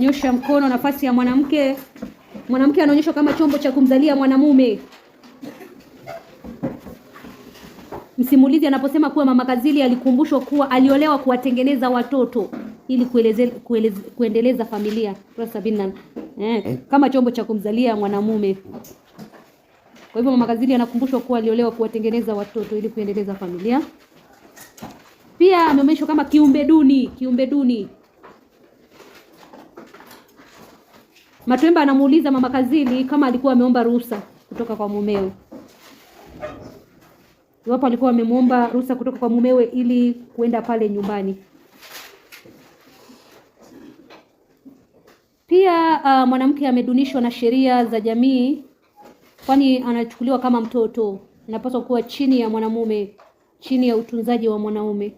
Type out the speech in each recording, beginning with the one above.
Nyosha mkono. Nafasi ya mwanamke, mwanamke anaonyeshwa kama chombo cha kumzalia mwanamume. Msimulizi anaposema kuwa Mama Kazili alikumbushwa kuwa aliolewa kuwatengeneza watoto ili kueleze, kueleze, kuendeleza familia eh, eh, kama chombo cha kumzalia mwanamume. Kwa hivyo Mama Kazili anakumbushwa kuwa aliolewa kuwatengeneza watoto ili kuendeleza familia. Pia ameonyeshwa kama kiumbe duni, kiumbe duni. Matwemba anamuuliza mama Kazili kama alikuwa ameomba ruhusa kutoka kwa mumewe, iwapo alikuwa amemwomba ruhusa kutoka kwa mumewe ili kuenda pale nyumbani. Pia uh, mwanamke amedunishwa na sheria za jamii, kwani anachukuliwa kama mtoto, anapaswa kuwa chini ya mwanamume, chini ya utunzaji wa mwanaume.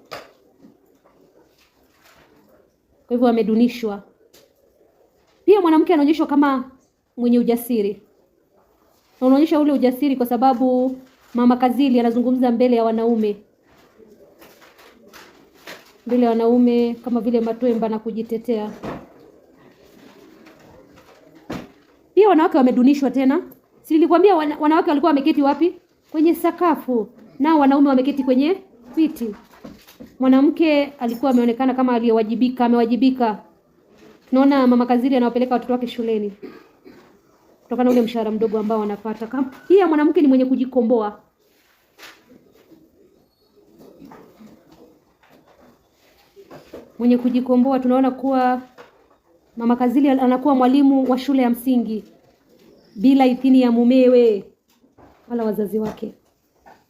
Kwa hivyo amedunishwa. Pia mwanamke anaonyeshwa kama mwenye ujasiri, na unaonyesha ule ujasiri kwa sababu Mama Kazili anazungumza mbele ya wanaume, mbele ya wanaume kama vile matwemba na kujitetea. Pia wanawake wamedunishwa tena, si nilikwambia wanawake walikuwa wameketi wapi? Kwenye sakafu, nao wanaume wameketi kwenye viti. Mwanamke alikuwa ameonekana kama aliyewajibika, amewajibika Naona mama Kazili anawapeleka watoto wake shuleni kutokana na ule mshahara mdogo ambao wanapata. Hii ya mwanamke ni mwenye kujikomboa. Mwenye kujikomboa tunaona kuwa mama Kazili anakuwa mwalimu wa shule ya msingi bila idhini ya mumewe wala wazazi wake,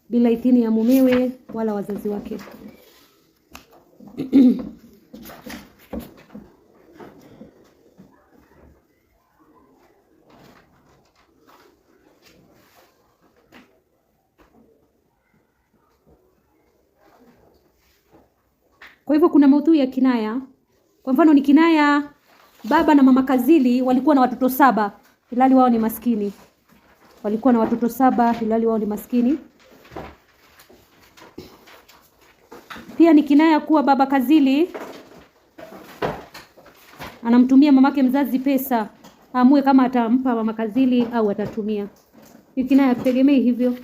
bila idhini ya mumewe wala wazazi wake kuna maudhui ya kinaya. Kwa mfano ni kinaya, baba na mama Kazili walikuwa na watoto saba ilali wao ni maskini. Walikuwa na watoto saba ilali wao ni maskini. Pia ni kinaya kuwa baba Kazili anamtumia mamake mzazi pesa, amue kama atampa mama Kazili au atatumia. Ni kinaya, kutegemei hivyo.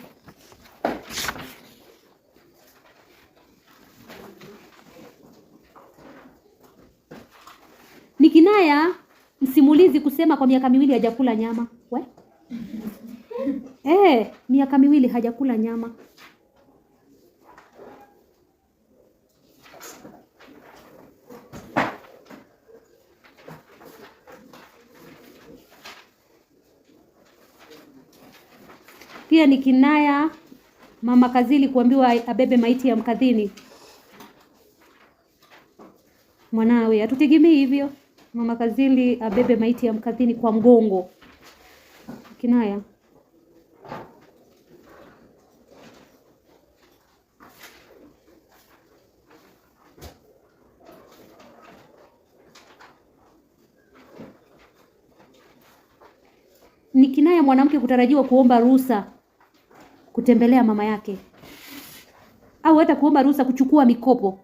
haya msimulizi kusema kwa miaka miwili hajakula nyama we eh, miaka miwili hajakula nyama. Pia ni kinaya mama Kazili kuambiwa abebe maiti ya mkadhini mwanawe, hatutegemei hivyo. Mama Kazili abebe maiti ya mkadhini kwa mgongo. Kinaya ni kinaya mwanamke kutarajiwa kuomba ruhusa kutembelea mama yake au hata kuomba ruhusa kuchukua mikopo.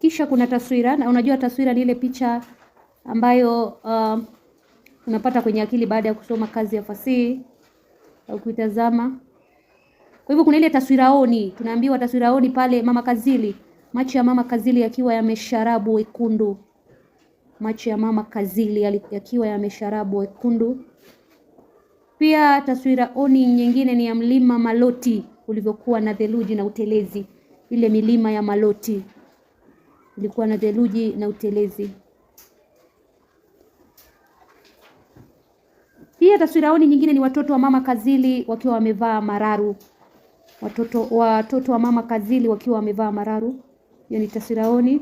Kisha kuna taswira, na unajua taswira ni ile picha ambayo uh, unapata kwenye akili baada ya kusoma kazi ya fasihi au kuitazama. Kwa hivyo kuna ile taswira oni, tunaambiwa taswira oni pale Mama Kazili, macho ya Mama Kazili yakiwa yamesharabu wekundu, macho ya Mama Kazili yakiwa yamesharabu wekundu. Pia taswira oni nyingine ni ya mlima Maloti ulivyokuwa na theluji na utelezi, ile milima ya Maloti. Ilikuwa na theluji na utelezi. Pia taswira oni nyingine ni watoto wa mama Kazili wakiwa wamevaa mararu. Watoto watoto wa mama Kazili wakiwa wamevaa mararu. Hiyo ni taswira oni.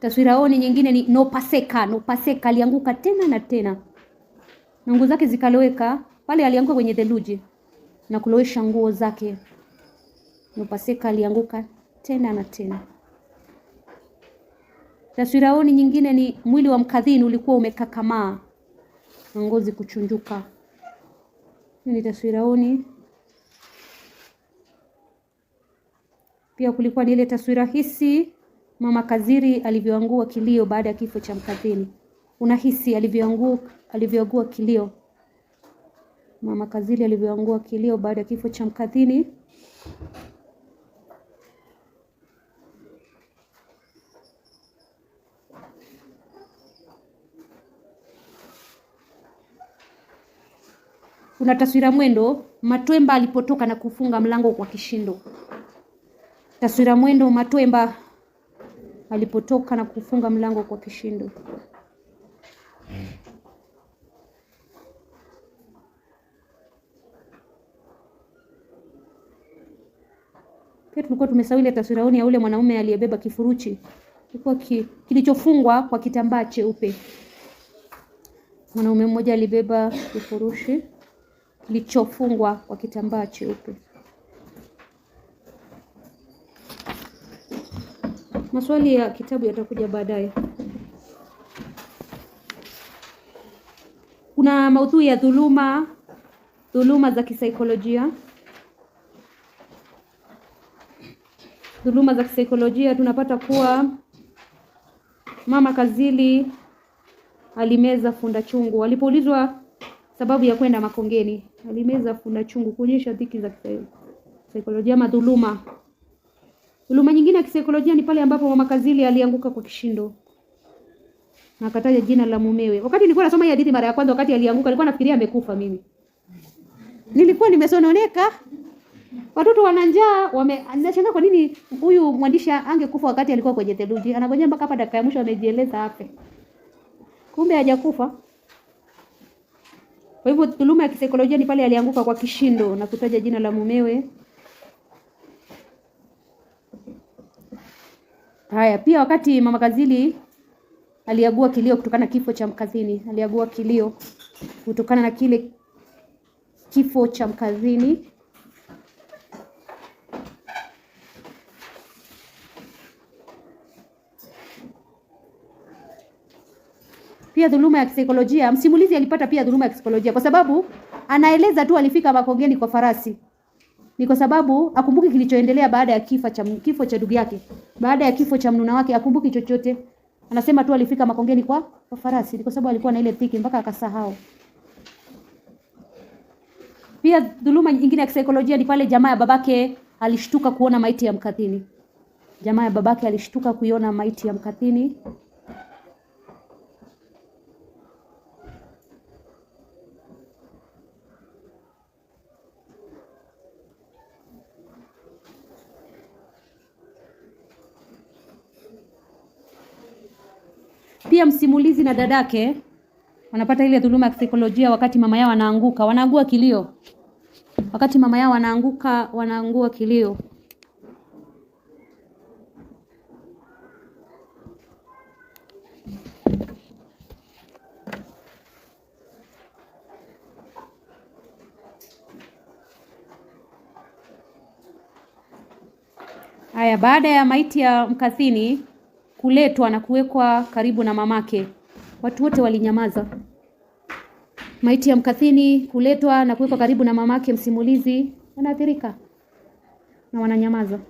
Taswira oni nyingine ni Nopaseka. Nopaseka alianguka tena na tena na nguo zake zikaloweka. Pale alianguka kwenye theluji na kulowesha nguo zake. Nopaseka alianguka tena na tena. Taswiraoni nyingine ni mwili wa mkadhini ulikuwa umekakamaa na ngozi kuchunjuka. Hii ni taswira oni Pia kulikuwa ni ile taswira hisi, mama Kaziri alivyoangua kilio baada ya kifo cha mkadhini. Unahisi alivyoangua alivyoangua kilio, mama Kaziri alivyoangua kilio baada ya kifo cha mkadhini. kuna taswira mwendo Matwemba alipotoka na kufunga mlango kwa kishindo. Taswira mwendo Matwemba alipotoka na kufunga mlango kwa kishindo. Pia tulikuwa tumesahau ile taswira ya ule mwanaume aliyebeba kifurushi kilikuwa ki, kilichofungwa kwa kitambaa cheupe. Mwanaume mmoja alibeba kifurushi kilichofungwa kwa kitambaa cheupe. Maswali ya kitabu yatakuja baadaye. Kuna maudhui ya dhuluma, dhuluma za kisaikolojia. Dhuluma za kisaikolojia tunapata kuwa mama Kazili alimeza funda chungu alipoulizwa sababu ya kwenda Makongeni alimeza funda chungu kuonyesha dhiki za kisaikolojia ama dhuluma. Dhuluma nyingine ya kisaikolojia ni pale ambapo mama Kazili alianguka kwa kishindo na akataja jina la mumewe. Wakati nilikuwa nasoma hii hadithi mara ya kwanza, wakati alianguka, nilikuwa nafikiria amekufa. Mimi nilikuwa nimesononeka, watoto wana njaa, wame nashangaa kwa nini huyu mwandishi angekufa wakati alikuwa kwenye theluji. Anagojea mpaka hapa dakika ya mwisho amejieleza afe, kumbe hajakufa. Kwa hivyo dhuluma ya kisaikolojia ni pale alianguka kwa kishindo na kutaja jina la mumewe. Haya, pia wakati mama Kazili aliagua kilio kutokana na kifo cha Mkazini, aliagua kilio kutokana na kile kifo cha Mkazini. pia dhuluma ya kisaikolojia. Msimulizi alipata pia dhuluma ya kisaikolojia kwa sababu anaeleza tu alifika Makongeni kwa farasi. Ni kwa sababu akumbuki kilichoendelea baada ya kifo cha kifo cha ndugu yake. Baada ya kifo cha mnuna wake akumbuki chochote. Anasema tu alifika Makongeni kwa, kwa farasi. Ni kwa sababu alikuwa na ile dhiki mpaka akasahau. Pia dhuluma nyingine ya kisaikolojia ni pale jamaa ya babake alishtuka kuona maiti ya mkathini. Jamaa ya babake alishtuka kuiona maiti ya mkathini Pia msimulizi na dadake wanapata ile dhuluma ya kisaikolojia wakati mama yao anaanguka, wanaangua kilio. Wakati mama yao anaanguka, wanaangua kilio. Haya, baada ya maiti ya mkathini kuletwa na kuwekwa karibu na mamake. Watu wote walinyamaza. Maiti ya Mkathini kuletwa na kuwekwa karibu na mamake msimulizi, wanaathirika na wananyamaza.